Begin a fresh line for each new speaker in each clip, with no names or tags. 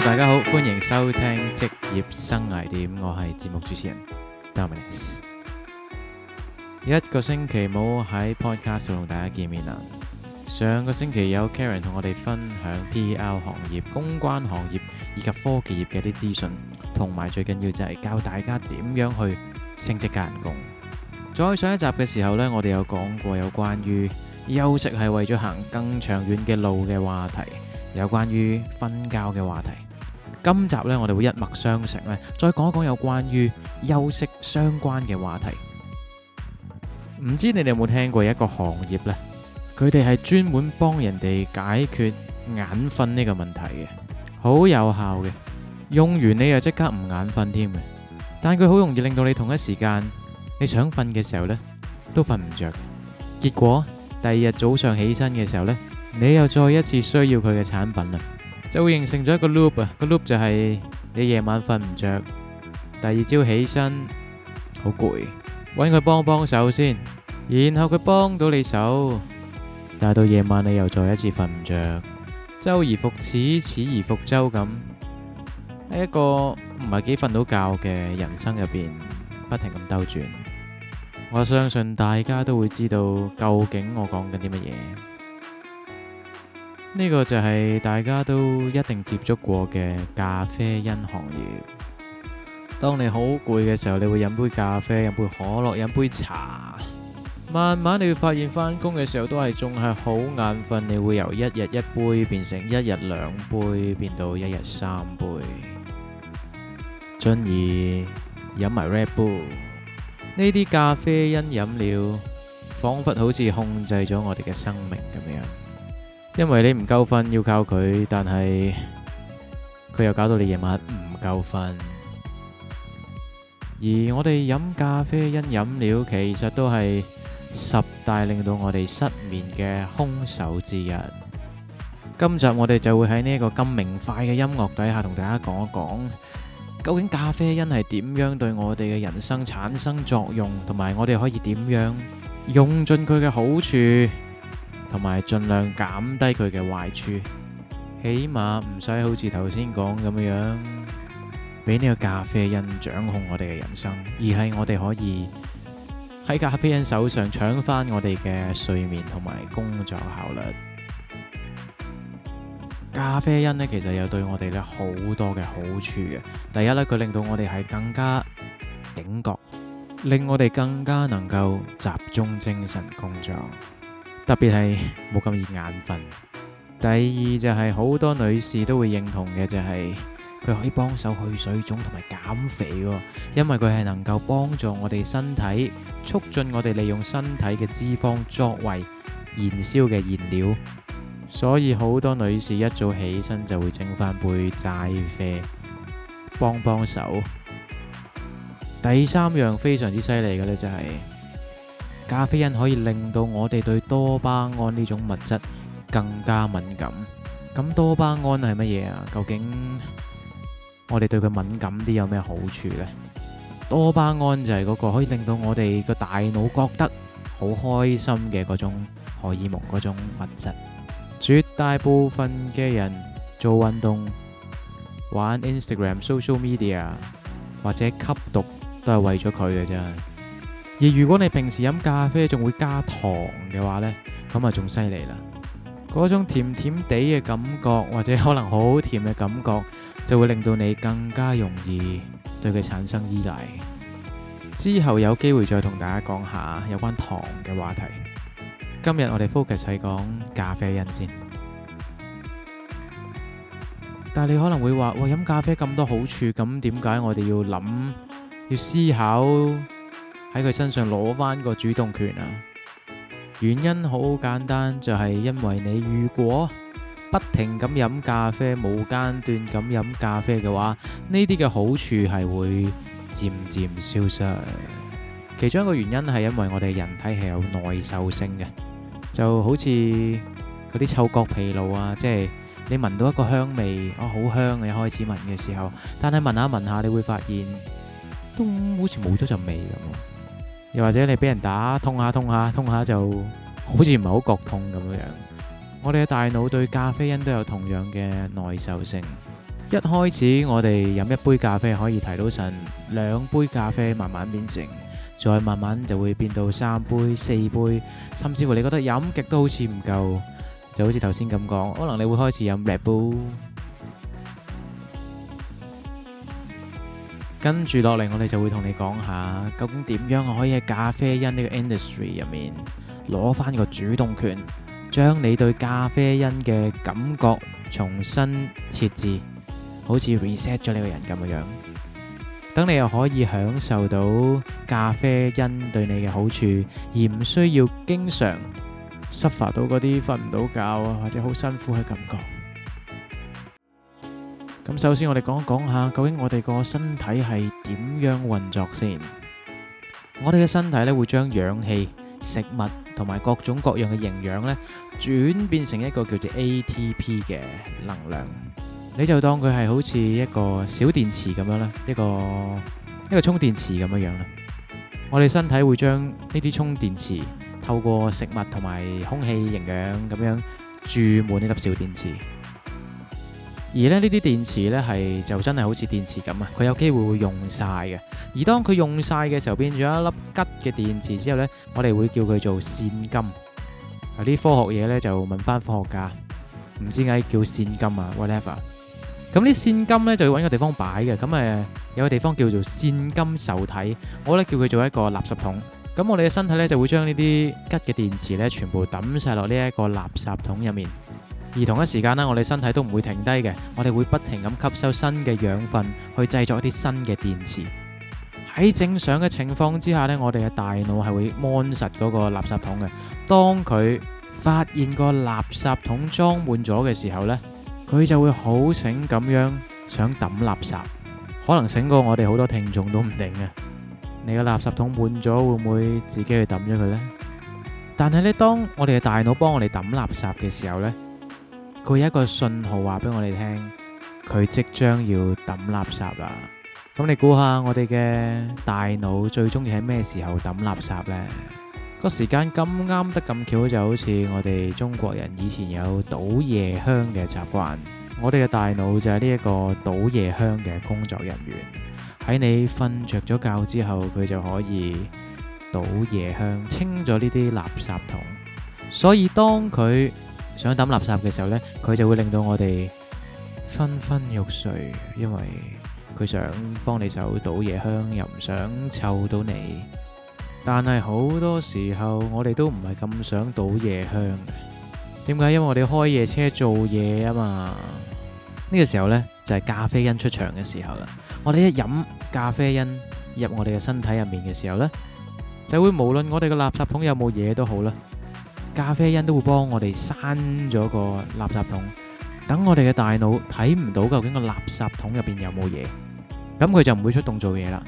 大家好，歡迎收聽職業生涯點，我係節目主持人 Dominus。一個星期冇喺 Podcast 同大家見面啦。上個星期有 Karen 同我哋分享 PR 行業、公關行業以及科技業嘅啲資訊，同埋最緊要就係教大家點樣去升職加人工。再上一集嘅時候呢，我哋有講過有關於休息係為咗行更長遠嘅路嘅話題。有關於瞓覺嘅話題，今集咧我哋會一脈相承咧，再講一講有關於休息相關嘅話題。唔知你哋有冇聽過一個行業咧？佢哋係專門幫人哋解決眼瞓呢個問題嘅，好有效嘅，用完你又即刻唔眼瞓添嘅。但佢好容易令到你同一時間你想瞓嘅時候咧，都瞓唔着。結果第二日早上起身嘅時候咧。你又再一次需要佢嘅產品啦，就會形成咗一個 loop 啊！個 loop 就係你夜晚瞓唔着，第二朝起身好攰，揾佢幫幫手先，然後佢幫到你手，但係到夜晚你又再一次瞓唔着，周而復始，始而復周咁喺一個唔係幾瞓到覺嘅人生入邊不停咁兜轉。我相信大家都會知道究竟我講緊啲乜嘢。呢個就係大家都一定接觸過嘅咖啡因行業。當你好攰嘅時候，你會飲杯咖啡，飲杯可樂，飲杯茶。慢慢你會發現，翻工嘅時候都係仲係好眼瞓。你會由一日一杯變成一日兩杯，變到一日三杯，進而飲埋 Red Bull。呢啲咖啡因飲料，仿佛好似控制咗我哋嘅生命咁樣。因為你唔夠瞓要靠佢，但係佢又搞到你夜晚唔夠瞓。而我哋飲咖啡因飲料，其實都係十大令到我哋失眠嘅兇手之一。今集我哋就會喺呢一個咁明快嘅音樂底下，同大家講一講，究竟咖啡因係點樣對我哋嘅人生產生作用，同埋我哋可以點樣用盡佢嘅好處，同埋盡量減低佢嘅壞處，起碼唔使好似頭先講咁樣樣，俾呢個咖啡因掌控我哋嘅人生，而係我哋可以喺咖啡因手上搶翻我哋嘅睡眠同埋工作效率。咖啡因呢，其實有對我哋咧好多嘅好處嘅。第一咧，佢令到我哋係更加警覺，令我哋更加能夠集中精神工作。特別係冇咁易眼瞓。第二就係好多女士都會認同嘅，就係佢可以幫手去水腫同埋減肥喎，因為佢係能夠幫助我哋身體，促進我哋利用身體嘅脂肪作為燃燒嘅燃料，所以好多女士一早起身就會整翻杯齋啡幫幫手。第三樣非常之犀利嘅呢，就係咖啡因可以令到我哋對多巴胺呢種物質更加敏感。咁多巴胺係乜嘢啊？究竟我哋對佢敏感啲有咩好處呢？多巴胺就係嗰個可以令到我哋個大腦覺得好開心嘅嗰種荷爾蒙嗰種物質。絕大部分嘅人做運動、玩 Instagram、Social Media 或者吸毒都係為咗佢嘅啫。而如果你平時飲咖啡仲會加糖嘅話呢，咁啊仲犀利啦！嗰種甜甜哋嘅感覺，或者可能好甜嘅感覺，就會令到你更加容易對佢產生依賴。之後有機會再同大家講下有關糖嘅話題。今日我哋 focus 係講咖啡因先，但係你可能會話：喂，飲咖啡咁多好處，咁點解我哋要諗要思考？喺佢身上攞翻個主動權啊！原因好簡單，就係因為你如果不停咁飲咖啡，冇間斷咁飲咖啡嘅話，呢啲嘅好處係會漸漸消失。其中一個原因係因為我哋人體係有耐受性嘅，就好似嗰啲嗅覺疲勞啊，即係你聞到一個香味，哦，好香啊好香嘅一開始聞嘅時候，但係聞下聞下你會發現都好似冇咗陣味咁。又或者你俾人打痛下痛下痛下就好似唔係好覺痛咁樣。我哋嘅大腦對咖啡因都有同樣嘅耐受性。一開始我哋飲一杯咖啡可以提到神，兩杯咖啡慢慢變成，再慢慢就會變到三杯、四杯，甚至乎你覺得飲極都好似唔夠，就好似頭先咁講，可能你會開始飲 Red Bull。跟住落嚟，我哋就會同你講下，究竟點樣可以喺咖啡因呢個 industry 入面攞翻個主動權，將你對咖啡因嘅感覺重新設置，好似 reset 咗你個人咁嘅樣，等你又可以享受到咖啡因對你嘅好處，而唔需要經常 suffer 到嗰啲瞓唔到覺啊，或者好辛苦嘅感覺。咁首先我哋講一講下，究竟我哋個身體係點樣運作先？我哋嘅身體呢，會將氧氣、食物同埋各種各樣嘅營養呢，轉變成一個叫做 ATP 嘅能量。你就當佢係好似一個小電池咁樣啦，一個一個充電池咁樣樣啦。我哋身體會將呢啲充電池透過食物同埋空氣營養咁樣注滿呢粒小電池。而呢啲電池呢，係就真係好似電池咁啊！佢有機會會用曬嘅。而當佢用曬嘅時候，變咗一粒吉嘅電池之後呢，我哋會叫佢做腺苷。有、啊、啲科學嘢呢，就問翻科學家，唔知點解叫腺苷啊？Whatever。咁啲腺苷呢，就要揾個地方擺嘅。咁誒有個地方叫做腺苷受體，我咧叫佢做一個垃圾桶。咁我哋嘅身體呢，就會將呢啲吉嘅電池呢，全部抌晒落呢一個垃圾桶入面。而同一時間咧，我哋身體都唔會停低嘅，我哋會不停咁吸收新嘅養分，去製作一啲新嘅電池。喺正常嘅情況之下呢，我哋嘅大腦係會 mon 實嗰個垃圾桶嘅。當佢發現個垃圾桶裝滿咗嘅時候呢，佢就會好醒咁樣想抌垃圾，可能醒過我哋好多聽眾都唔定啊！你個垃圾桶滿咗會唔會自己去抌咗佢呢？但係咧，當我哋嘅大腦幫我哋抌垃圾嘅時候呢。佢有一個信號話俾我哋聽，佢即將要抌垃圾啦。咁你估下我哋嘅大腦最中意喺咩時候抌垃圾呢？個時間咁啱得咁巧，就好似我哋中國人以前有倒夜香嘅習慣。我哋嘅大腦就係呢一個倒夜香嘅工作人員。喺你瞓著咗覺之後，佢就可以倒夜香清咗呢啲垃圾桶。所以當佢想抌垃圾嘅時候呢，佢就會令到我哋昏昏欲睡，因為佢想幫你手倒夜香，又唔想臭到你。但係好多時候，我哋都唔係咁想倒夜香嘅。點解？因為我哋開夜車做嘢啊嘛。呢個時候呢，就係咖啡因出場嘅時候啦。我哋一飲咖啡因入我哋嘅身體入面嘅時候呢，就會無論我哋嘅垃圾桶有冇嘢都好啦。咖啡因都會幫我哋刪咗個垃圾桶，等我哋嘅大腦睇唔到究竟個垃圾桶入邊有冇嘢，咁佢就唔會出動做嘢啦。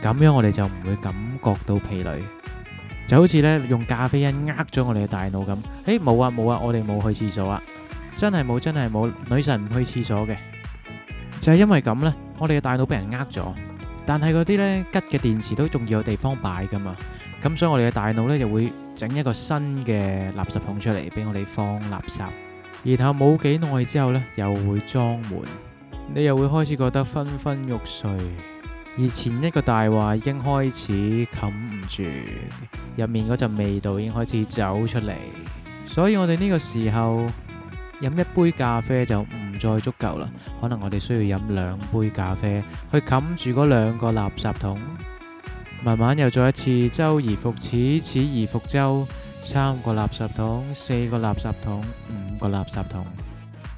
咁樣我哋就唔會感覺到疲累，就好似咧用咖啡因呃咗我哋嘅大腦咁。哎，冇啊冇啊，我哋冇去廁所啊，真係冇真係冇，女神唔去廁所嘅，就係因為咁咧，我哋嘅大腦俾人呃咗。但係嗰啲咧吉嘅電池都仲要有地方擺噶嘛，咁所以我哋嘅大腦咧就會。整一個新嘅垃圾桶出嚟俾我哋放垃圾，然後冇幾耐之後呢，又會裝滿，你又會開始覺得昏昏欲睡，而前一個大話已經開始冚唔住，入面嗰陣味道已經開始走出嚟，所以我哋呢個時候飲一杯咖啡就唔再足夠啦，可能我哋需要飲兩杯咖啡去冚住嗰兩個垃圾桶。慢慢又再一次，周而復始，始而復周。三個垃圾桶，四個垃圾桶，五個垃圾桶，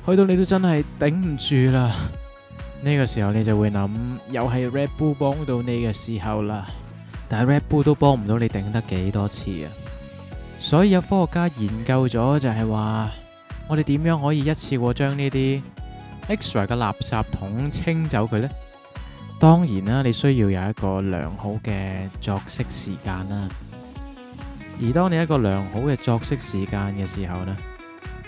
去到你都真係頂唔住啦。呢個時候你就會諗，又係 Red Bull 幫到你嘅時候啦。但係 Red Bull 都幫唔到你頂得幾多次啊！所以有科學家研究咗，就係話，我哋點樣可以一次過將呢啲 extra 嘅垃圾桶清走佢呢？當然啦，你需要有一個良好嘅作息時間啦。而當你一個良好嘅作息時間嘅時候呢，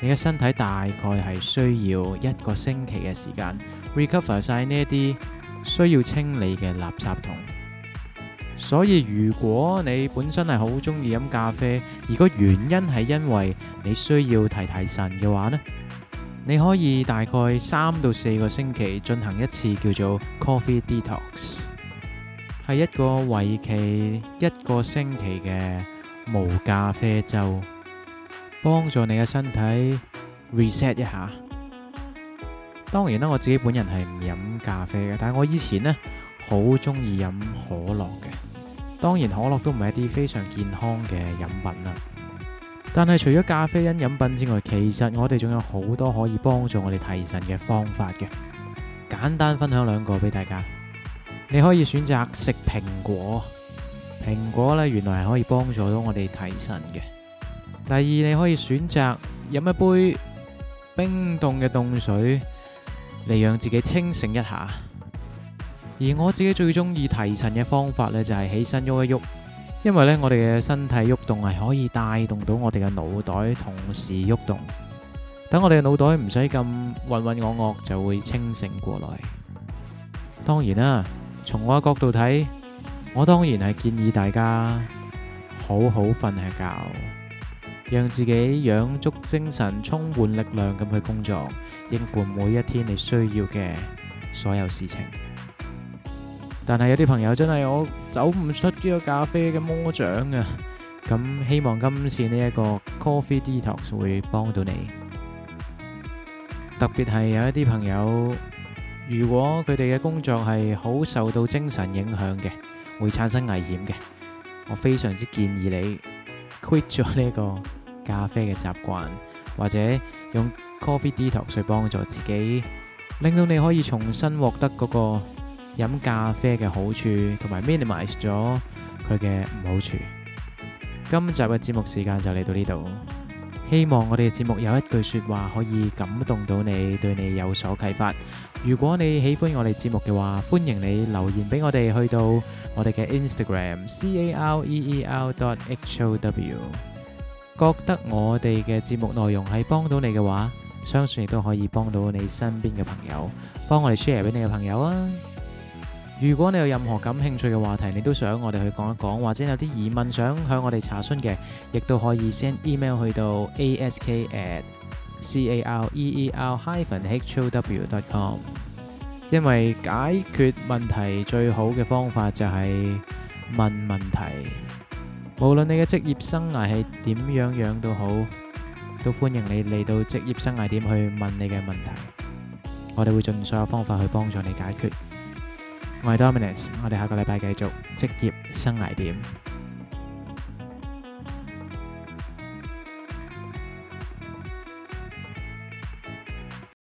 你嘅身體大概係需要一個星期嘅時間 recover 晒呢一啲需要清理嘅垃圾桶。所以如果你本身係好中意飲咖啡，如果原因係因為你需要提提神嘅話咧。你可以大概三到四個星期進行一次叫做 Coffee Detox，係一個為期一個星期嘅無咖啡周，幫助你嘅身體 reset 一下。當然啦，我自己本人係唔飲咖啡嘅，但係我以前呢好中意飲可樂嘅。當然可樂都唔係一啲非常健康嘅飲品啦。但係除咗咖啡因飲品之外，其實我哋仲有好多可以幫助我哋提神嘅方法嘅。簡單分享兩個俾大家，你可以選擇食蘋果，蘋果呢原來係可以幫助到我哋提神嘅。第二，你可以選擇飲一杯冰凍嘅凍水嚟讓自己清醒一下。而我自己最中意提神嘅方法呢，就係起身喐一喐。因為咧，我哋嘅身體喐動係可以帶動到我哋嘅腦袋同時喐動，動，等我哋嘅腦袋唔使咁渾渾噩噩，就會清醒過來。當然啦，從我嘅角度睇，我當然係建議大家好好瞓下覺，讓自己養足精神，充滿力量咁去工作，應付每一天你需要嘅所有事情。但係有啲朋友真係我走唔出呢個咖啡嘅魔掌啊！咁希望今次呢一個 coffee detox 會幫到你。特別係有一啲朋友，如果佢哋嘅工作係好受到精神影響嘅，會產生危險嘅，我非常之建議你 quit 咗呢個咖啡嘅習慣，或者用 coffee detox 去幫助自己，令到你可以重新獲得嗰、那個。飲咖啡嘅好處，同埋 minimize 咗佢嘅唔好處。今集嘅節目時間就嚟到呢度，希望我哋嘅節目有一句說話可以感動到你，對你有所啟發。如果你喜歡我哋節目嘅話，歡迎你留言俾我哋去到我哋嘅 Instagram C A R E E R dot H O W，覺得我哋嘅節目內容係幫到你嘅話，相信亦都可以幫到你身邊嘅朋友，幫我哋 share 俾你嘅朋友啊！如果你有任何感興趣嘅話題，你都想我哋去講一講，或者有啲疑問想向我哋查詢嘅，亦都可以 send email 去到 ask@career-how.com。因為解決問題最好嘅方法就係問問題。無論你嘅職業生涯係點樣樣都好，都歡迎你嚟到職業生涯點去問你嘅問題。我哋會盡所有方法去幫助你解決。我係 Dominus，我哋下個禮拜繼續職業生涯點。